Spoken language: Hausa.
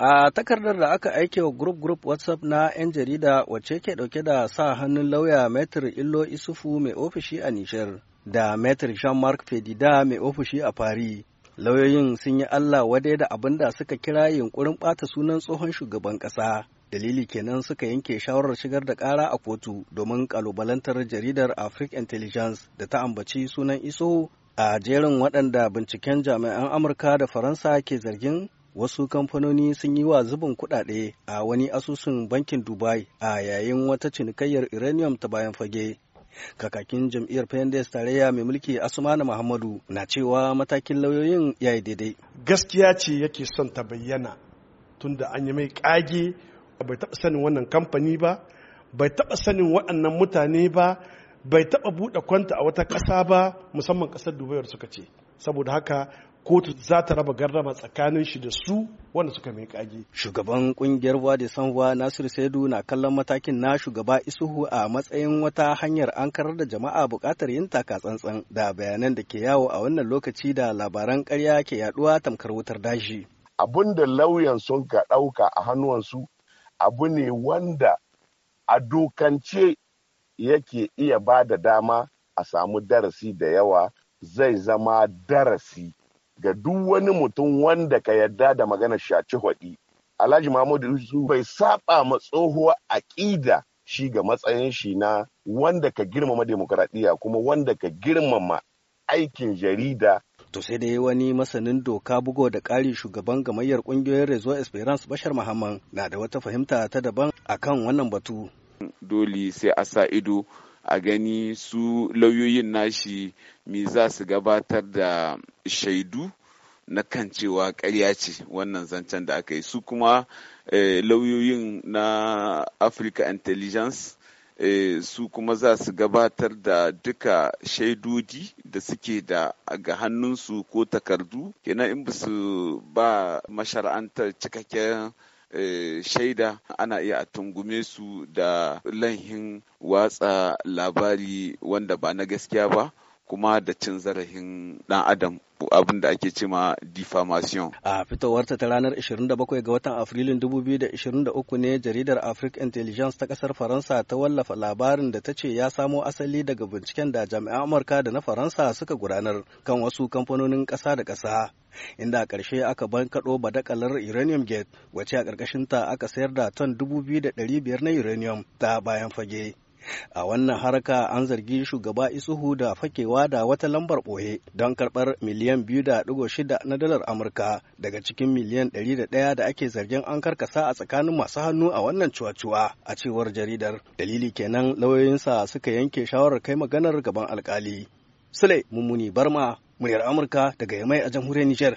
A takardar da aka aike wa Group Group WhatsApp na 'yan jarida wacce ke dauke da sa hannun lauya Metr Illo Isufu mai ofishi a Nijar da Metr Jean-Marc Fedida mai ofishi a Paris. Lauyoyin sun yi Allah wadai da abin da suka kira yunkurin ɓata sunan tsohon shugaban ƙasa. Dalili kenan suka yanke shawarar shigar da ƙara a kotu domin kalubalantar jaridar African Intelligence da ta ambaci sunan Iso a jerin waɗanda binciken jami'an Amurka da Faransa ke zargin wasu kamfanoni sun yi wa zubin kudade a wani asusun bankin dubai a yayin wata cinikayyar uranium ta bayan fage kakakin jam'iyyar pendes tarayya mai mulki asumana muhammadu na cewa matakin lauyoyin ya yi daidai gaskiya ce yake son ta bayyana tunda an yi mai kage bai taɓa sanin wannan kamfani ba bai taba sanin waɗannan mutane ba bai taɓa buɗe kwanta a wata ƙasa ba musamman ƙasar dubayar suka ce saboda haka kotu za ta raba garrama tsakanin shi da su wanda suka mai kage. Shugaban kungiyar Wadi Sanwa Nasir Saidu na kallon matakin na shugaba Isuhu a matsayin wata hanyar an karar da jama'a bukatar yin taka tsantsan da bayanan da ke yawo a wannan lokaci da labaran karya ke yaduwa tamkar wutar daji. Abun da lauyan sun ka ɗauka a hannuwansu abu ne wanda a dokance yake iya ba da dama a samu darasi da yawa zai zama darasi ga duk wani mutum wanda ka yarda da maganar shaci hwaɗi. Alhaji Mahmudu Yusuf bai saba ma tsohuwar aƙida shi ga matsayin shi na wanda ka girmama demokradiyya kuma wanda ka girmama aikin jarida to sai dai wani masanin doka bugo da ƙari shugaban gamayyar ƙungiyoyin rezo esperance bashar muhammad na da wata fahimta ta daban akan wannan batu dole sai a sa ido a gani su lauyoyin nashi me za su gabatar da shaidu na kan cewa karya ce wannan zancen da aka yi su kuma eh, lauyoyin na africa intelligence eh, su kuma za su gabatar da duka shaidodi da suke da ga hannunsu ko takardu kenan in ba su ba mashara'antar cikakken Eh, shaida ana iya a tungume su da lahin watsa labari wanda ba na gaskiya ba kuma da cin zarafin dan adam abin da ake cima defamation. A fitowarta ta ranar 27 ga watan Afrilun 2023 ne jaridar African Intelligence ta kasar Faransa ta wallafa labarin da ta ce ya samo asali daga binciken da jami'an Amurka da na Faransa suka gudanar kan wasu kamfanonin ƙasa da ƙasa inda a ƙarshe aka bankaɗo badakalar uranium gate wace a ƙarƙashinta aka sayar da ton 2,500 na uranium ta bayan fage. a wannan haraka, an zargi shugaba isuhu da fakewa da wata lambar ɓoye don karɓar miliyan biyu da ɗigo shida na dalar amurka daga cikin miliyan ɗari da ɗaya da ake zargin an karkasa a tsakanin masu hannu a wannan cuwa-cuwa a cewar jaridar dalili kenan lauyoyinsa suka yanke shawarar kai maganar gaban alkali sule mummuni barma muryar Amurka daga Yamai a jamhuriyar Nijar.